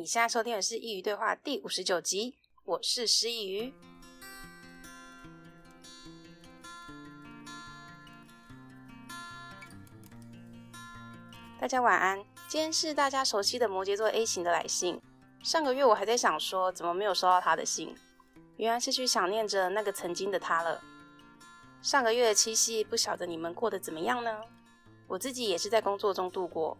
你現在收聽的是《佾萮對話》第五十九集，我是師佾萮。大家晚安。今天是大家熟悉的摩羯座 A 型的來信。上個月我還在想說，怎麼沒有收到他的信，原來是去想念着那個曾經的他了。上個月的七夕，不曉得你們過得怎麼樣呢？我自己也是在工作中度過。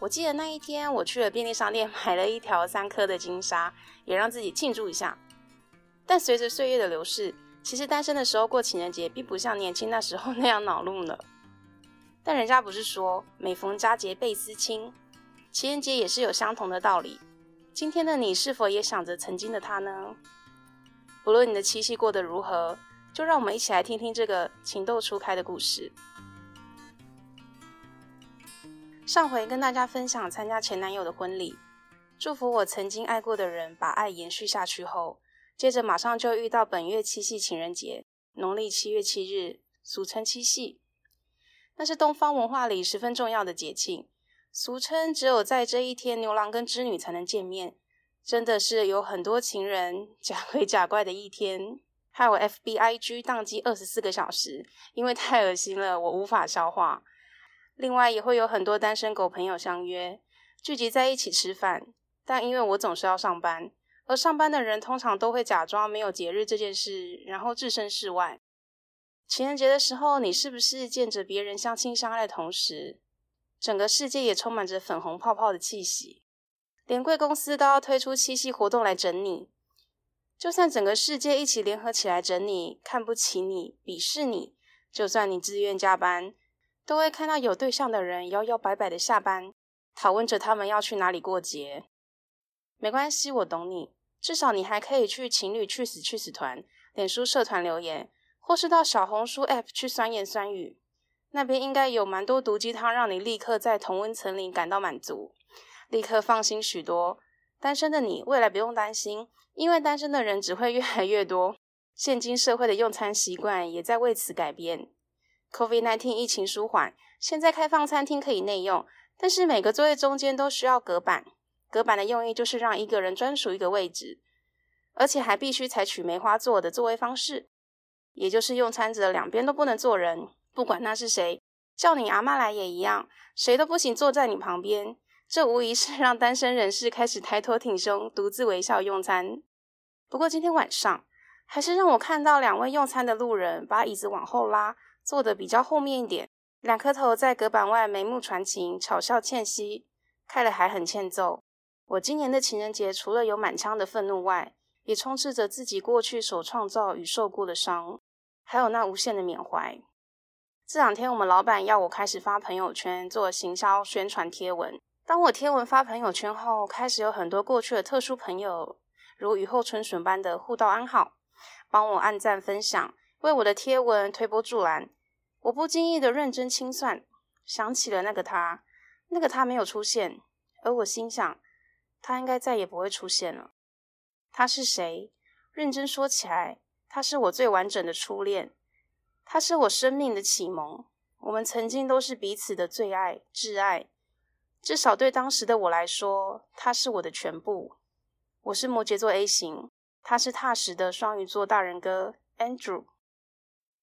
我記得那一天，我去了便利商店買了一條三顆的金莎，也讓自己慶祝一下。但隨着歲月的流逝，其實單身的時候過情人節，並不像年輕那時候那樣惱怒了。但人家不是說每逢佳節倍思親，情人節也是有相同的道理。今天的你是否也想着曾經的他呢？不論你的七夕過得如何，就讓我們一起來聽聽這個情竇初開的故事。上回跟大家分享參加前男友的婚禮，祝福我曾經愛過的人把愛延續下去後，接着馬上就遇到本月七夕情人節，農曆七月七日，俗稱七夕，那是東方文化裡十分重要的節慶，俗稱只有在這一天牛郎跟織女才能見面，真的是有很多情人假鬼假怪的一天，害我 FBIG 當機二十四個小時，因為太噁心了，我無法消化。另外也會有很多單身狗朋友相約聚集在一起吃飯，但因為我總是要上班，而上班的人通常都會假裝沒有節日這件事，然後置身事外。情人節的時候，你是不是見着別人相親相愛的同時，整個世界也充滿着粉紅泡泡的氣息？連貴公司都要推出七夕活動來整你，就算整個世界一起聯合起來整你，看不起你，鄙視你，就算你自願加班。都會看到有對象的人搖搖擺擺的下班，討論着他們要去哪裡過節。沒關係，我懂你，至少你還可以去情侶去死去死團、臉書社團留言，或是到小紅書 app 去酸言酸語，那邊應該有蠻多毒雞湯，讓你立刻在同溫層裡感到滿足，立刻放心許多。單身的你，未來不用擔心，因為單身的人只會越來越多。現今社會的用餐習慣也在為此改變。COVID-19 疫情舒緩，現在開放餐廳可以內用，但是每個座位中間都需要隔板。隔板的用意就是讓一個人專屬一個位置，而且還必須採取梅花座的座位方式，也就是用餐者兩邊都不能坐人，不管那是誰，叫你阿媽來也一樣，誰都不行坐在你旁邊。這無疑是讓單身人士開始抬頭挺胸，獨自微笑用餐。不過今天晚上。還是讓我看到兩位用餐的路人把椅子往後拉，坐得比較後面一點，兩顆頭在隔板外眉目傳情，巧笑倩兮，看得還很欠揍。我今年的情人節，除了有滿腔的憤怒外，也充斥着自己過去所創造與受過的傷，還有那無限的緬懷。這兩天我們老闆要我開始發朋友圈做行銷宣傳貼文，當我貼文發朋友圈後，開始有很多過去的特殊朋友如雨後春筍般的互道安好。幫我按讚分享，為我的貼文推波助瀾。我不經意的認真清算，想起了那個他，那個他沒有出現，而我心想，他應該再也不會出現了。他是誰？認真說起來，他是我最完整的初戀，他是我生命的啟蒙。我們曾經都是彼此的最愛、摯愛，至少對當時的我來說，他是我的全部。我是摩羯座 A 型。他是踏實的雙魚座大人哥 Andrew。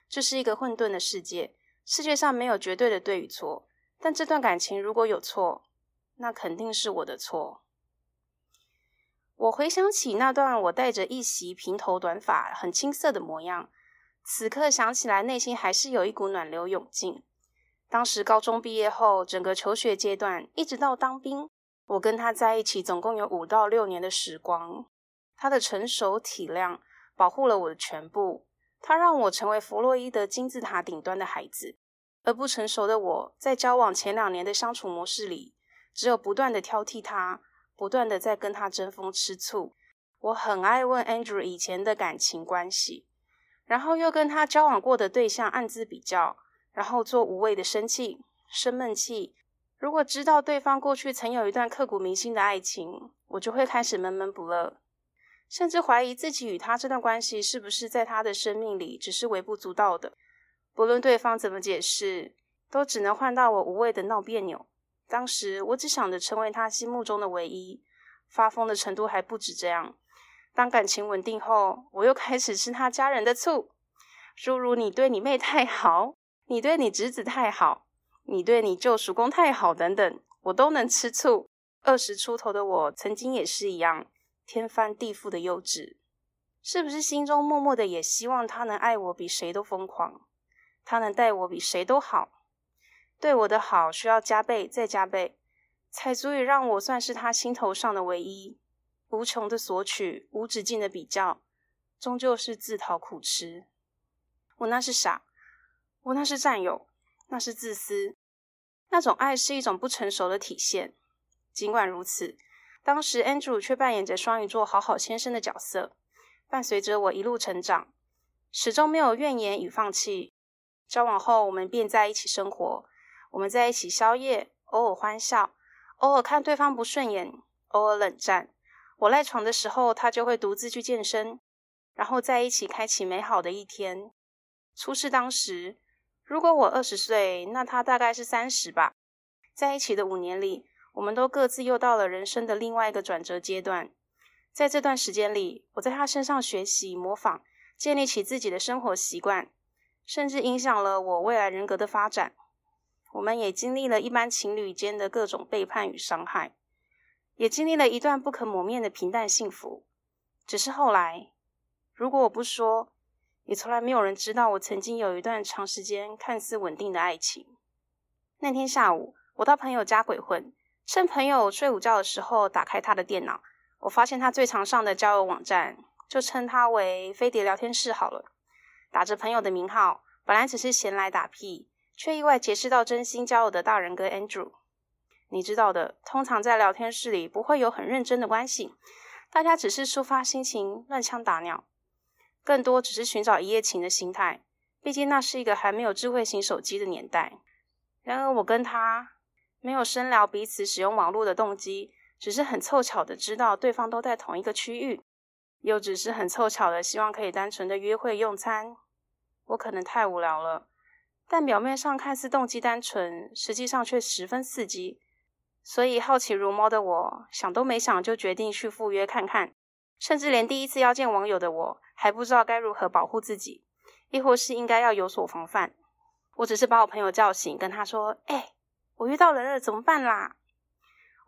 這是一個混沌的世界，世界上沒有絕對的對與錯。但這段感情如果有錯，那肯定是我的錯。我回想起那段我戴着一襲平頭短髮，很青澀的模樣，此刻想起來，內心還是有一股暖流湧進。當時高中畢業後，整個求學階段一直到當兵，我跟他在一起總共有五到六年的時光。他的成熟體諒保護了我的全部，他讓我成為弗洛伊德金字塔頂端的孩子，而不成熟的我在交往前兩年的相處模式裡，只有不斷的挑剔他，不斷的在跟他爭風吃醋。我很愛問 Andrew 以前的感情關係，然後又跟他交往過的對象暗自比較，然後做無謂的生氣、生悶氣。如果知道對方過去曾有一段刻骨銘心的愛情，我就會開始悶悶不樂。甚至懷疑自己與他這段關係是不是在他的生命裡只是微不足道的。不論對方怎麼解釋，都只能換到我無謂的鬧彆扭。當時我只想着成為他心目中的唯一，發瘋的程度還不止這樣。當感情穩定後，我又開始吃他家人的醋，諸如，如你對你妹太好，你對你侄子太好，你對你舅叔公太好等等，我都能吃醋。二十出頭的我曾經也是一樣。天翻地覆的幼稚，是不是心中默默的也希望他能愛我比誰都瘋狂，他能待我比誰都好，對我的好需要加倍再加倍，才足以讓我算是他心頭上的唯一。無窮的索取，無止境的比較，終究是自討苦吃。我那是傻，我那是占有，那是自私，那種愛是一種不成熟的體現。儘管如此。當時，Andrew 卻扮演着雙魚座好好先生的角色，伴隨着我一路成長，始終沒有怨言與放棄。交往後，我們便在一起生活，我們在一起宵夜，偶爾歡笑，偶爾看對方不順眼，偶爾冷戰。我賴床的時候，他就會獨自去健身，然後在一起開啟美好的一天。初識當時，如果我二十歲，那他大概是三十吧。在一起的五年裡。我們都各自又到了人生的另外一個轉折階段，在這段時間裡，我在他身上學習、模仿，建立起自己的生活習慣，甚至影響了我未來人格的發展。我們也經歷了一般情侶間的各種背叛與傷害，也經歷了一段不可磨滅的平淡幸福。只是後來，如果我不說，也從來沒有人知道我曾經有一段長時間看似穩定的愛情。那天下午，我到朋友家鬼混。趁朋友睡午覺的時候，打開他的電腦，我發現他最常上的交友網站，就稱他為“飛碟聊天室”好了。打着朋友的名號，本來只是閒來打屁，卻意外結識到真心交友的大仁哥 Andrew。你知道的，通常在聊天室裡不會有很認真的關係，大家只是抒發心情、亂槍打鳥，更多只是尋找一夜情的心態。畢竟那是一個還沒有智慧型手機的年代。然而我跟他。沒有深聊彼此使用網絡的動機，只是很湊巧的知道對方都在同一個區域，又只是很湊巧的希望可以單純的約會用餐。我可能太無聊了，但表面上看似動機單純，實際上卻十分刺激。所以好奇如貓的我，想都沒想就決定去赴約看看，甚至連第一次要見網友的我還不知道該如何保護自己，亦或是應該要有所防範。我只是把我朋友叫醒，跟他說：“哎、欸。”我遇到人了,了，怎麼辦啦？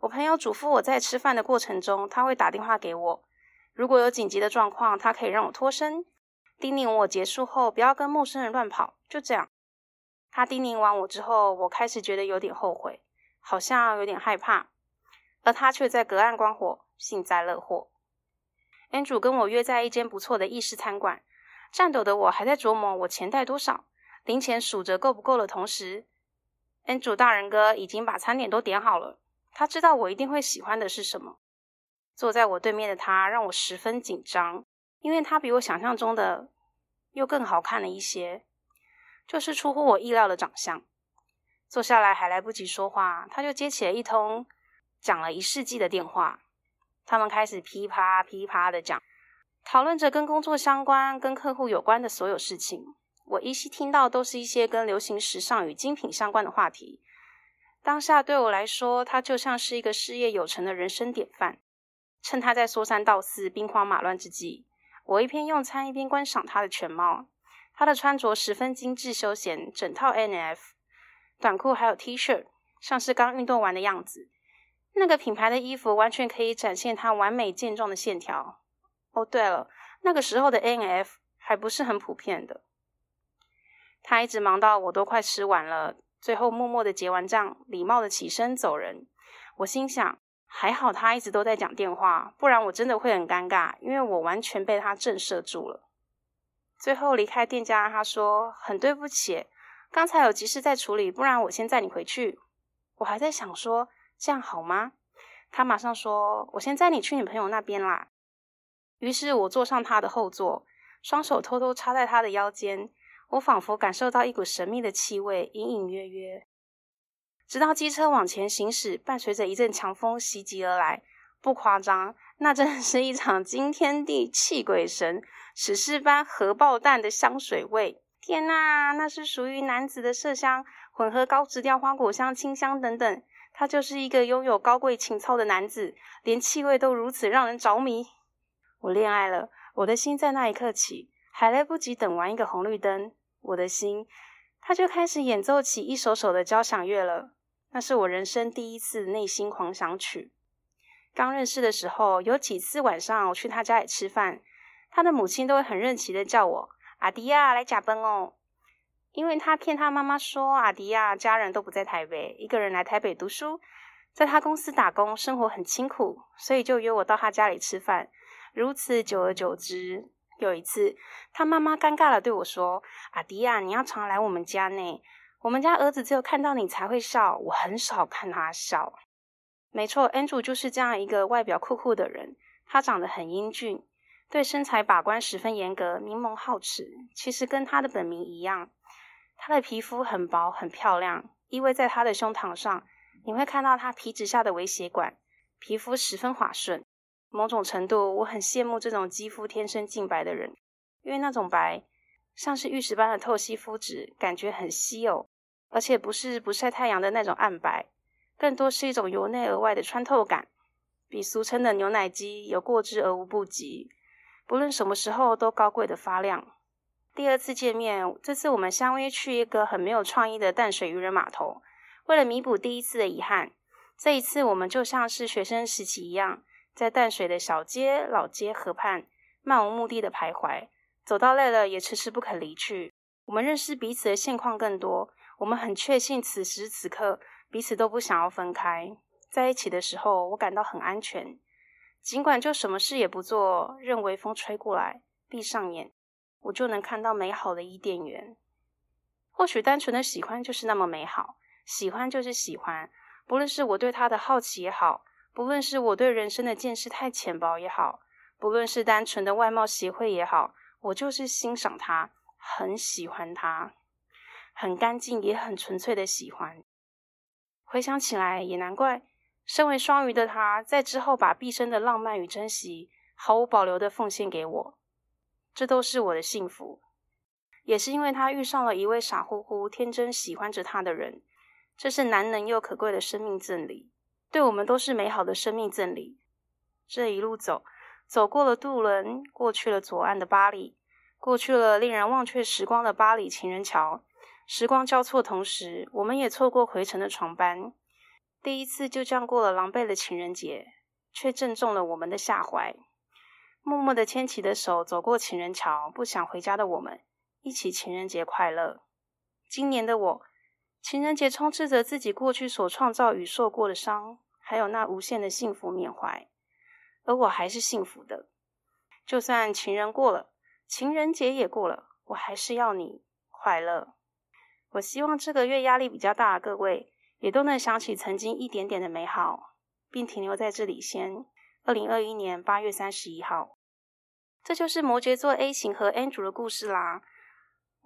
我朋友囑咐我在吃飯的過程中，他會打電話給我，如果有緊急的狀況，他可以讓我脫身，叮嚀我結束後不要跟陌生人亂跑。就這樣，他叮嚀完我之後，我開始覺得有點後悔，好像有點害怕，而他卻在隔岸觀火，幸災樂禍。Andrew 跟我約在一間不錯的意式餐館，顫抖的我還在琢磨我錢帶多少，零錢數着夠不夠的同時。恩主大人哥已經把餐點都點好了，他知道我一定會喜歡的是什麼。坐在我對面的他讓我十分緊張，因為他比我想象中的又更好看了一些，就是出乎我意料的長相。坐下來還來不及說話，他就接起了一通講了一世紀的電話。他們開始噼啪噼啪的講，討論着跟工作相關、跟客戶有關的所有事情。我依稀聽到都是一些跟流行時尚與精品相關的話題。當下對我來說，他就像是一個事業有成的人生典範。趁他在說三道四、兵荒馬亂之際，我一邊用餐一邊觀賞他的全貌。他的穿着十分精緻休閒，整套 A&F 短褲還有 T 恤，像是剛運動完的樣子。那個品牌的衣服完全可以展現他完美健壯的線條。哦，對了，那個時候的 A&F 還不是很普遍的。他一直忙到我都快吃完了，最後默默的結完賬，禮貌的起身走人。我心想，還好他一直都在講電話，不然我真的會很尷尬，因為我完全被他震懾住了。最後離開店家，他說：“很對不起，剛才有急事在處理，不然我先載你回去。”我還在想說，這樣好嗎？他馬上說：“我先載你去你朋友那邊啦。”於是我坐上他的後座，雙手偷偷插在他的腰間。我仿佛感受到一股神秘的氣味，隱隱約約。直到機車往前行駛，伴隨着一陣強風襲擊而來，不誇張，那真是一場驚天地、泣鬼神、史詩般核爆彈的香水味！天吶，啊，那是屬於男子的麝香，混合高植調花果香、清香等等。他就是一個擁有高貴情操的男子，連氣味都如此讓人着迷。我戀愛了，我的心在那一刻起。還來不及等完一個紅綠燈，我的心他就開始演奏起一首首的交響樂了。那是我人生第一次內心狂想曲。剛認識的時候，有幾次晚上我去他家裡吃飯，他的母親都會很認真的叫我阿迪亞、啊、來呷飯哦，因為他騙他媽媽說阿迪亞、啊、家人都不在台北，一個人來台北讀書，在他公司打工，生活很辛苦，所以就約我到他家裡吃飯。如此久而久之。有一次，他媽媽尷尬的對我說：“阿迪亞、啊，你要常來我們家呢，我們家兒子只有看到你才會笑，我很少看他笑。”沒錯，Andrew 就是這樣一個外表酷酷的人，他長得很英俊，對身材把關十分嚴格，明眸皓齒，其實跟他的本名一樣，他的皮膚很薄很漂亮，依偎在他的胸膛上，你會看到他皮脂下的微血管，皮膚十分滑順。某種程度，我很羨慕這種肌膚天生淨白的人，因為那種白像是玉石般的透皙膚質，感覺很稀有，而且不是不曬太陽的那種暗白，更多是一種由內而外的穿透感，比俗稱的牛奶肌有過之而無不及。不論什麼時候都高貴的發亮。第二次見面，這次我們相約去一個很沒有創意的淡水漁人碼頭，為了彌補第一次的遺憾，這一次我們就像是學生時期一樣。在淡水的小街、老街、河畔，漫無目的的徘徊，走到累了，也遲遲不肯離去。我們認識彼此的現況更多，我們很確信此時此刻彼此都不想要分開。在一起的時候，我感到很安全，儘管就什麼事也不做，任微風吹過來，閉上眼，我就能看到美好的伊甸園。或許單純的喜歡就是那麼美好，喜歡就是喜歡，不論是我對他的好奇也好。不論是我對人生的見識太淺薄也好，不論是單純的外貌協會也好，我就是欣賞他，很喜歡他，很乾淨也很純粹的喜歡。回想起來，也難怪身為雙魚的他在之後把畢生的浪漫與珍惜毫無保留的奉獻給我，這都是我的幸福。也是因為他遇上了一位傻乎乎、天真喜歡着他的人，這是難能又可貴的生命贈禮。對我們都是美好的生命贈禮。這一路走，走過了渡輪，過去了左岸的巴黎，過去了令人忘卻時光的巴黎情人橋。時光交錯同時，我們也錯過回程的船班。第一次就這樣過了狼狽的情人節，卻正中了我們的下懷。默默的牽起的手，走過情人橋，不想回家的我們，一起情人節快樂。今年的我，情人節充斥着自己過去所創造與受過的傷，還有那無限的幸福緬懷，而我還是幸福的。就算情人過了，情人節也過了，我還是要你快樂。我希望這個月壓力比較大，各位也都能想起曾經一點點的美好，並停留在這裡先。二零二一年八月三十一號，這就是摩羯座 A 型和 Andrew 的故事啦。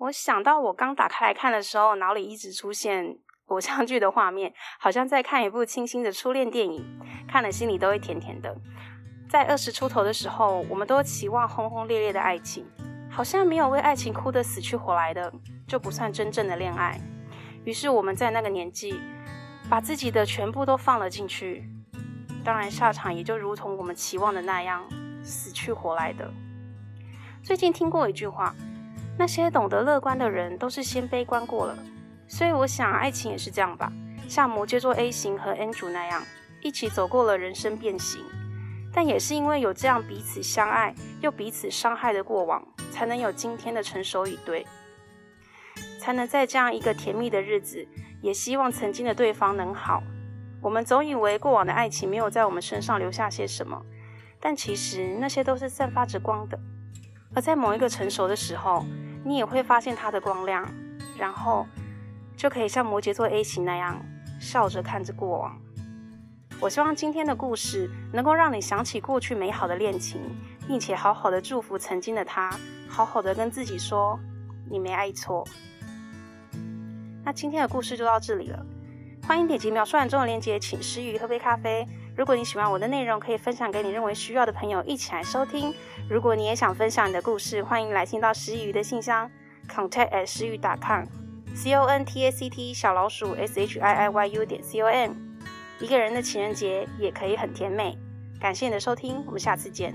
我想到我剛打開來看的時候，腦裡一直出現偶像劇的畫面，好像在看一部清新的初戀電影，看了心裡都會甜甜的。在二十出頭的時候，我們都期望轟轟烈烈的愛情，好像沒有為愛情哭得死去活來的，就不算真正的戀愛。於是我們在那個年紀，把自己的全部都放了進去，當然下場也就如同我們期望的那樣，死去活來的。最近聽過一句話。那些懂得樂觀的人，都是先悲觀過了，所以我想愛情也是這樣吧，像摩羯座 A 型和 N 主那樣，一起走過了人生變形，但也是因為有這樣彼此相愛又彼此傷害的過往，才能有今天的成熟以對，才能在這樣一個甜蜜的日子，也希望曾經的對方能好。我們總以為過往的愛情沒有在我們身上留下些什麼，但其實那些都是散發着光的。而在某一個成熟的時候，你也會發現它的光亮，然後就可以像摩羯座 A 型那樣，笑着看着過往。我希望今天的故事能夠讓你想起過去美好的戀情，並且好好的祝福曾經的他，好好的跟自己說，你沒愛錯。那今天的故事就到這裡了，歡迎點擊描述欄中的鏈接，請師佾萮喝杯咖啡。如果你喜歡我的內容，可以分享給你認為需要的朋友一起來收聽。如果你也想分享你的故事，歡迎來信到師佾萮的信箱 contact@shiiyu.com，c o n t a c t 小老鼠 s h i i y u 點 c o m。一個人的情人節也可以很甜美。感謝你的收聽，我們下次見。